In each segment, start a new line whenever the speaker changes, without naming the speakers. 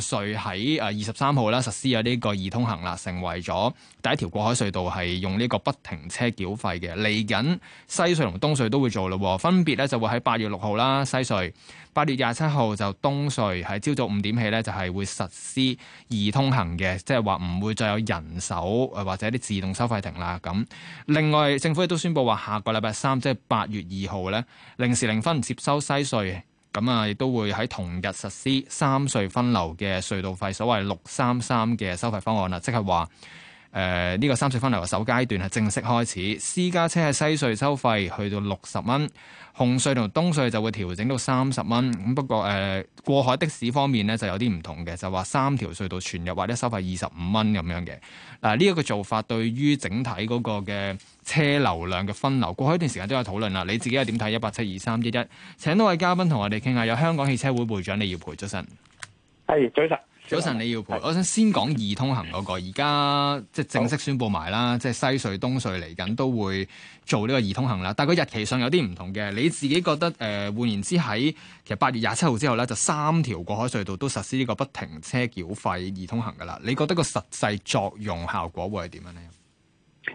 隧喺啊二十三號啦，實施啊呢個易通行啦，成為咗第一條過海隧道係用呢個不停車繳費嘅。嚟緊西隧同東隧都會做咯，分別咧就會喺八月六號啦，西隧，八月廿七號就東隧喺朝早五點起咧就係會實施易通行嘅，即係話唔會再有人手或者啲自動收費亭啦咁。另外政府亦都宣布話，下個禮拜三即係八月二號咧零時零分接收西隧。咁啊，亦都會喺同日實施三隧分流嘅隧道費，所謂六三三嘅收費方案啦，即係話。誒、呃，呢、這個三隧分流嘅首階段係正式開始，私家車喺西隧收費去到六十蚊，紅隧同東隧就會調整到三十蚊。咁不過誒、呃，過海的士方面呢，就有啲唔同嘅，就話三條隧道全日或者收費二十五蚊咁樣嘅。嗱、呃，呢、這、一個做法對於整體嗰個嘅車流量嘅分流，過去一段時間都有討論啦。你自己係點睇？一八七二三一一，請多位嘉賓同我哋傾下。有香港汽車會會長李耀培出席。
係早
晨。早晨，李耀培。我想先講易通行嗰、那個，而家即係正式宣布埋啦，即係西隧、東隧嚟緊都會做呢個易通行啦。但係佢日期上有啲唔同嘅，你自己覺得誒、呃？換言之在，喺其實八月廿七號之後咧，就三條過海隧道都實施呢個不停車繳費易通行㗎啦。你覺得個實際作用效果會係點樣咧？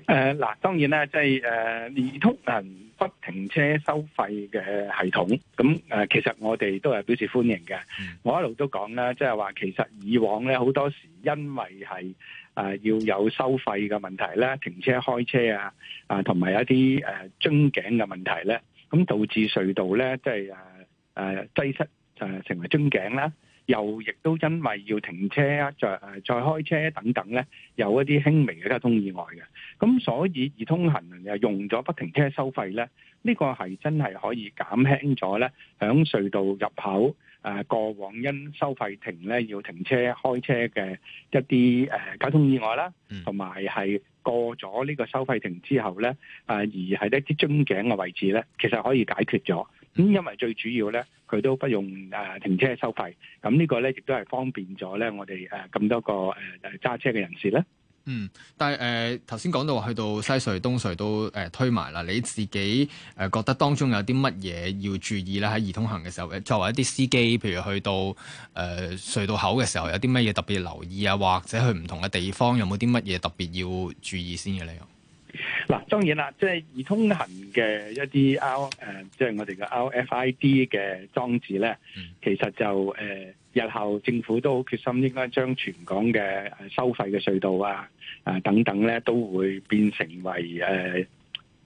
誒，嗱，當然咧，即係誒，易通行不停車收費嘅系統，咁誒，其實我哋都係表示歡迎嘅。我一路都講咧，即係話，其實以往咧，好多時因為係誒要有收費嘅問題咧，停車、開車啊，啊，同埋一啲誒樽頸嘅問題咧，咁導致隧道咧，即係誒誒擠塞。就成為樽頸啦，又亦都因為要停車啊，再再開車等等咧，有一啲輕微嘅交通意外嘅。咁所以易通行又用咗不停車收費咧，呢個係真係可以減輕咗咧，響隧道入口誒過往因收費亭咧要停車開車嘅一啲誒交通意外啦，同埋係過咗呢個收費亭之後咧，啊而係一啲樽頸嘅位置咧，其實可以解決咗。咁因為最主要咧。佢都不用誒停車收費，咁呢個咧亦都係方便咗咧我哋誒咁多個誒揸車嘅人士咧。
嗯，但係誒頭先講到話去到西隧東隧都誒、呃、推埋啦。你自己誒、呃、覺得當中有啲乜嘢要注意咧？喺易通行嘅時候，誒作為一啲司機，譬如去到誒、呃、隧道口嘅時候，有啲乜嘢特別留意啊？或者去唔同嘅地方有冇啲乜嘢特別要注意先嘅咧？嗱，當
然啦，即係易通行嘅一啲 r 誒、呃，即、就、係、是、我哋嘅 RFID 嘅裝置咧，其實就誒、呃、日後政府都好決心，應該將全港嘅收費嘅隧道啊、呃、等等咧，都會變成為誒、呃、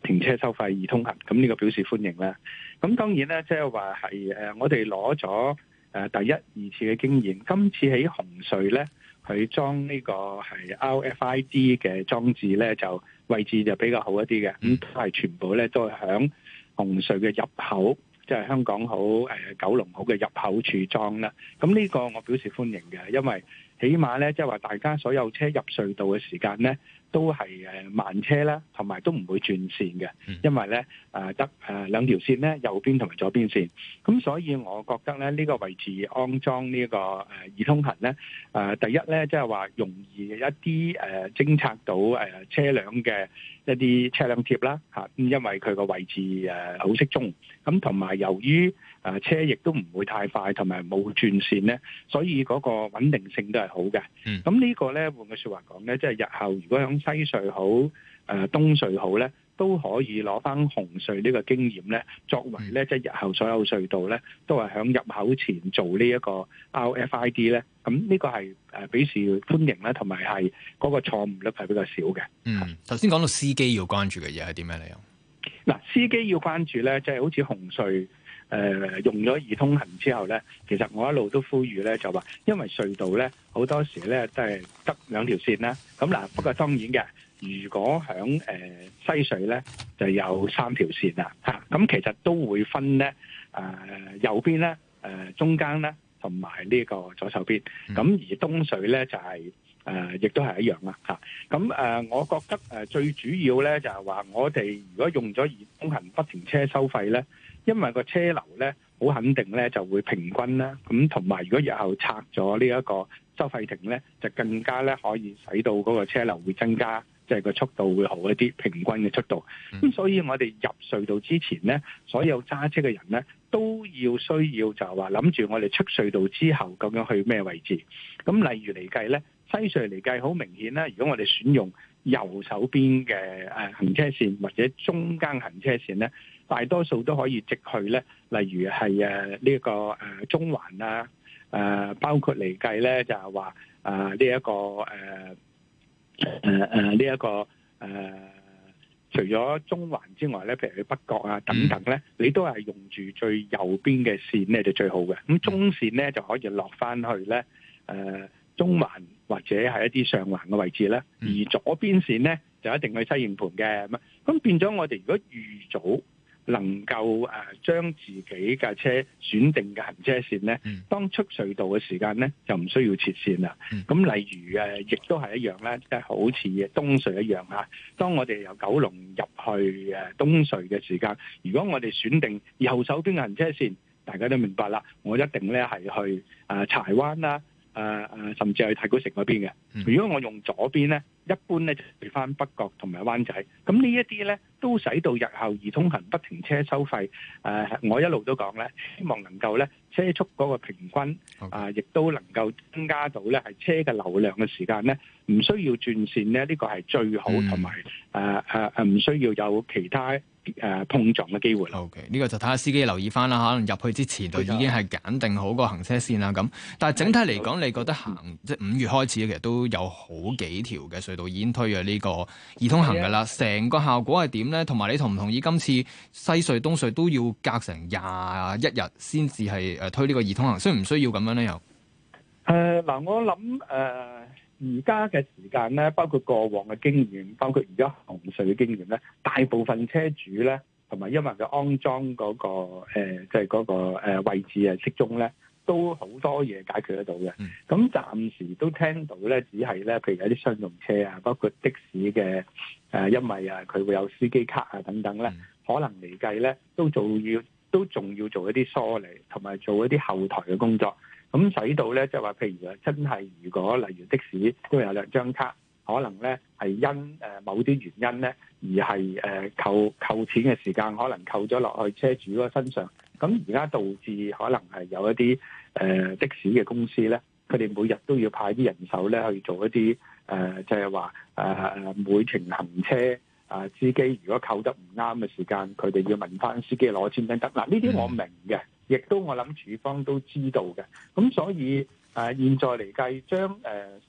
停車收費易通行，咁呢個表示歡迎啦。咁當然啦，即係話係誒，我哋攞咗誒第一二次嘅經驗，今次喺紅隧咧，佢裝呢個係 RFID 嘅裝置咧就。.位置就比較好一啲嘅，咁都係全部咧都係響紅隧嘅入口，即係香港好誒九龍好嘅入口處裝啦。咁呢個我表示歡迎嘅，因為起碼咧即係話大家所有車入隧道嘅時間咧。都係誒慢車啦，同埋都唔會轉線嘅，因為咧誒得誒兩條線咧，右邊同埋左邊線，咁所以我覺得咧，呢個位置安裝呢個誒易通行咧，誒第一咧，即係話容易一啲誒偵測到誒車輛嘅。一啲車輛貼啦，嚇，因為佢個位置誒好適中，咁同埋由於啊車亦都唔會太快，同埋冇轉線咧，所以嗰個穩定性都係好嘅。嗯。咁呢個咧換句説話講咧，即係日後如果響西隧好誒東隧好咧。都可以攞翻紅隧呢個經驗咧，作為咧，即係日後所有隧道咧，都係喺入口前做呢一個 RFID 咧。咁呢個係誒表示歡迎咧，同埋係嗰個錯誤率係比較少嘅。嗯，
頭先講到司機要關注嘅嘢係啲咩內容？
嗱，司機要關注咧，即係好似紅隧誒用咗易通行之後咧，其實我一路都呼籲咧，就話因為隧道咧，好多時咧即係得兩條線啦。咁嗱，不過當然嘅。嗯如果喺、呃、西隧咧，就有三條線啦咁、啊、其實都會分咧、呃、右邊咧、呃、中間咧同埋呢個左手邊。咁、啊、而東隧咧就係亦都係一樣啦咁、啊啊、我覺得最主要咧就係、是、話我哋如果用咗易通行不停車收費咧，因為個車流咧好肯定咧就會平均啦。咁同埋如果日後拆咗呢一個收費亭咧，就更加咧可以使到嗰個車流會增加。即係個速度會好一啲，平均嘅速度。咁、嗯、所以我哋入隧道之前呢，所有揸車嘅人呢，都要需要就話諗住我哋出隧道之後究竟去咩位置。咁例如嚟計呢，西隧嚟計好明顯咧。如果我哋選用右手邊嘅誒行車線或者中間行車線呢，大多數都可以直去呢。例如係誒呢個誒中環啊，誒包括嚟計呢，就係話誒呢一個誒。誒、呃、誒，呢、呃、一、這個誒、呃，除咗中環之外咧，譬如去北角啊等等咧、嗯，你都係用住最右邊嘅線咧就最好嘅。咁中線咧就可以落翻去咧，誒、呃、中環或者係一啲上環嘅位置咧，而左邊線咧就一定去西營盤嘅。咁啊，咁變咗我哋如果預早。能夠誒將自己架車選定嘅行車線咧、嗯，當出隧道嘅時間呢，就唔需要切線啦。咁、嗯、例如誒，亦都係一樣咧，即係好似東隧一樣嚇。當我哋由九龍入去誒東隧嘅時間，如果我哋選定右手邊嘅行車線，大家都明白啦。我一定呢係去誒柴灣啦，誒誒甚至去太古城嗰邊嘅、嗯。如果我用左邊呢，一般呢就去翻北角同埋灣仔。咁呢一啲呢，都使到日後易通行不停車收費誒、呃、我一路都講咧，希望能夠咧車速嗰個平均啊，亦、okay. 都、呃、能夠增加到咧係車嘅流量嘅時間咧，唔需要轉線咧，呢、這個係最好同埋誒誒誒唔需要有其他誒、呃、碰撞嘅機會。O K，
呢個就睇下司機留意翻啦可能入去之前就已經係揀定好個行車線啦咁。但係整體嚟講你覺得行即係五月開始咧，其實都有好幾條嘅隧道已經推咗呢個易通行噶啦，成、啊、個效果係點。咧，同埋你同唔同意今次西隧東隧都要隔成廿一日先至係誒推呢個易通行，需唔需要咁樣咧？又
誒，嗱，我諗誒，而家嘅時間咧，包括過往嘅經驗，包括而家紅隧嘅經驗咧，大部分車主咧，同埋因為佢安裝嗰、嗰個誒，即、呃、係、係、個誒位置係適中咧。都好多嘢解決得到嘅，咁暫時都聽到咧，只係咧，譬如有啲商用車啊，包括的士嘅、呃、因為啊，佢會有司機卡啊等等咧，嗯、可能嚟計咧都做要都仲要做一啲梳理，同埋做一啲後台嘅工作，咁使到咧，即係話譬如真係如果例如的士都有兩張卡，可能咧係因某啲原因咧而係扣扣錢嘅時間，可能扣咗落去車主個身上。咁而家導致可能係有一啲誒、呃、的士嘅公司咧，佢哋每日都要派啲人手咧去做一啲誒、呃，就係話誒每程行車啊、呃，司機如果扣得唔啱嘅時間，佢哋要問翻司機攞簽登得嗱，呢啲我明嘅，亦都我諗處方都知道嘅。咁所以誒、呃，現在嚟計將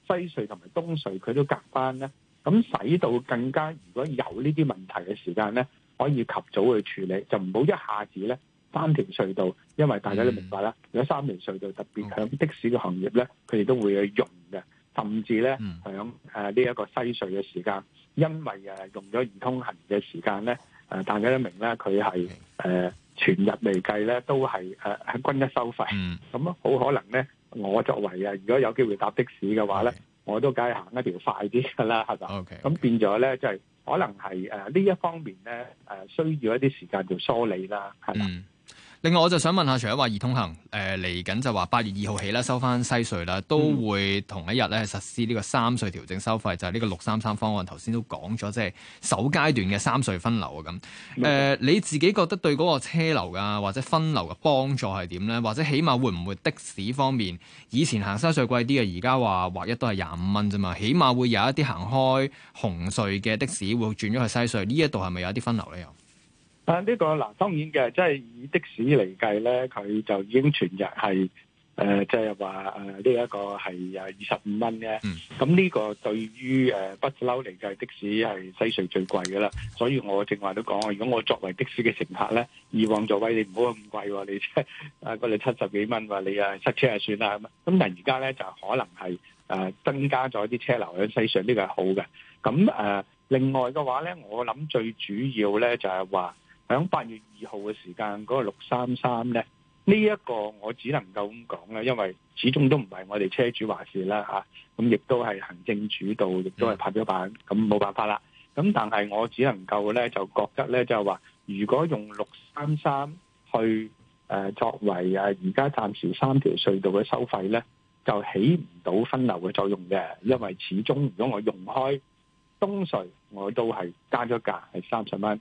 誒西隧同埋東隧佢都隔返咧，咁使到更加如果有呢啲問題嘅時間咧，可以及早去處理，就唔好一下子咧。三條隧道，因為大家都明白啦、嗯，如果三條隧道特別響的士嘅行業咧，佢、嗯、哋都會去用嘅，甚至咧響誒呢一、嗯、個西隧嘅時間，因為誒、啊、用咗易通行嘅時間咧，誒、啊、大家都明啦，佢係誒全日嚟計咧都係誒喺均一收費，咁、嗯、好可能咧，我作為啊，如果有機會搭的士嘅話咧、嗯，我都梗係行一條快啲㗎啦，係咪？咁、嗯 okay, 變咗咧就係、是、可能係誒呢一方面咧誒需要一啲時間做梳理啦，係
咪？嗯另外，我就想問下，除咗話易通行，誒嚟緊就話八月二號起收翻西隧啦，都會同一日咧實施呢個三隧調整收費，就係、是、呢個六三三方案，頭先都講咗，即係首階段嘅三隧分流啊咁。誒、呃嗯，你自己覺得對嗰個車流啊，或者分流嘅幫助係點呢？或者起碼會唔會的士方面以前行西隧貴啲嘅，而家話或一都係廿五蚊啫嘛，起碼會有一啲行開紅隧嘅的，的士會轉咗去西隧，呢一度係咪有一啲分流呢？又？
啊！呢個嗱，當然嘅，即係以的士嚟計咧，佢就已經全日係誒、呃，即係話誒呢一個係啊二十五蚊咧。咁、嗯、呢個對於誒不嬲嚟計的，的士係西隧最貴噶啦。所以我正話都講，如果我作為的士嘅乘客咧，以往座位你唔好咁貴、啊你啊你，你啊嗰度七十幾蚊，話你啊塞車啊算啦。咁咁但係而家咧就可能係誒、呃、增加咗啲車流喺西隧，呢、這個係好嘅。咁誒、呃，另外嘅話咧，我諗最主要咧就係、是、話。喺八月二號嘅時間，嗰、那個六三三呢，呢、這、一個我只能夠咁講啦，因為始終都唔係我哋車主話事啦嚇，咁、啊、亦、啊、都係行政主導，亦都係拍咗板，咁冇辦法啦。咁但係我只能夠呢，就覺得呢，就係、是、話，如果用六三三去誒、啊、作為誒而家暫時三條隧道嘅收費呢，就起唔到分流嘅作用嘅，因為始終如果我用開東隧，我都係加咗價係三十蚊。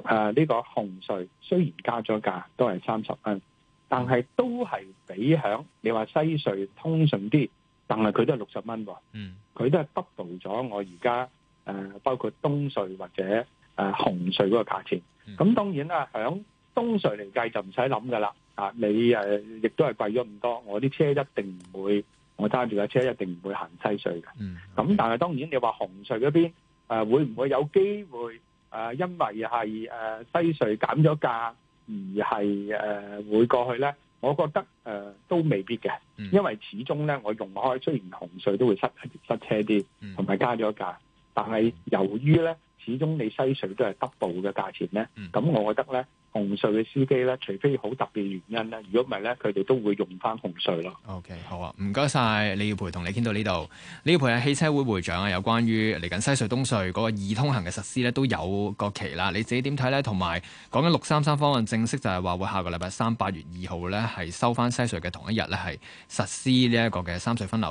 誒，呢個紅隧雖然加咗價，都係三十蚊，但係都係比響你話西隧通順啲，但係佢都係六十蚊。嗯，佢都係 double 咗我而家誒，包括東隧或者誒紅隧嗰個價錢。咁、嗯、當然啦，響東隧嚟計就唔使諗噶啦。啊，你誒亦、呃、都係貴咗咁多，我啲車一定唔會，我揸住架車一定唔會行西隧嘅。嗯，咁但係當然你說洪，你話紅隧嗰邊誒，會唔會有機會？啊、因為係誒、啊、西隧減咗價，而係誒、啊、會過去咧，我覺得、啊、都未必嘅，因為始終咧我用開，雖然紅隧都會塞，塞車啲，同埋加咗價，但係由於咧始終你西隧都係 double 嘅價錢咧，咁我覺得咧。紅隧嘅司機咧，除非好特別原因咧，
如果唔係咧，佢哋都會用翻紅隧咯。OK，好啊，唔該晒，李耀培同你傾到呢度。李耀培係汽車會會長啊，有關於嚟緊西隧東隧嗰個易通行嘅實施咧，都有個期啦。你自己點睇咧？同埋講緊六三三方案正式就係話會下個禮拜三八月二號咧，係收翻西隧嘅同一日咧，係實施呢一個嘅三隧分流水。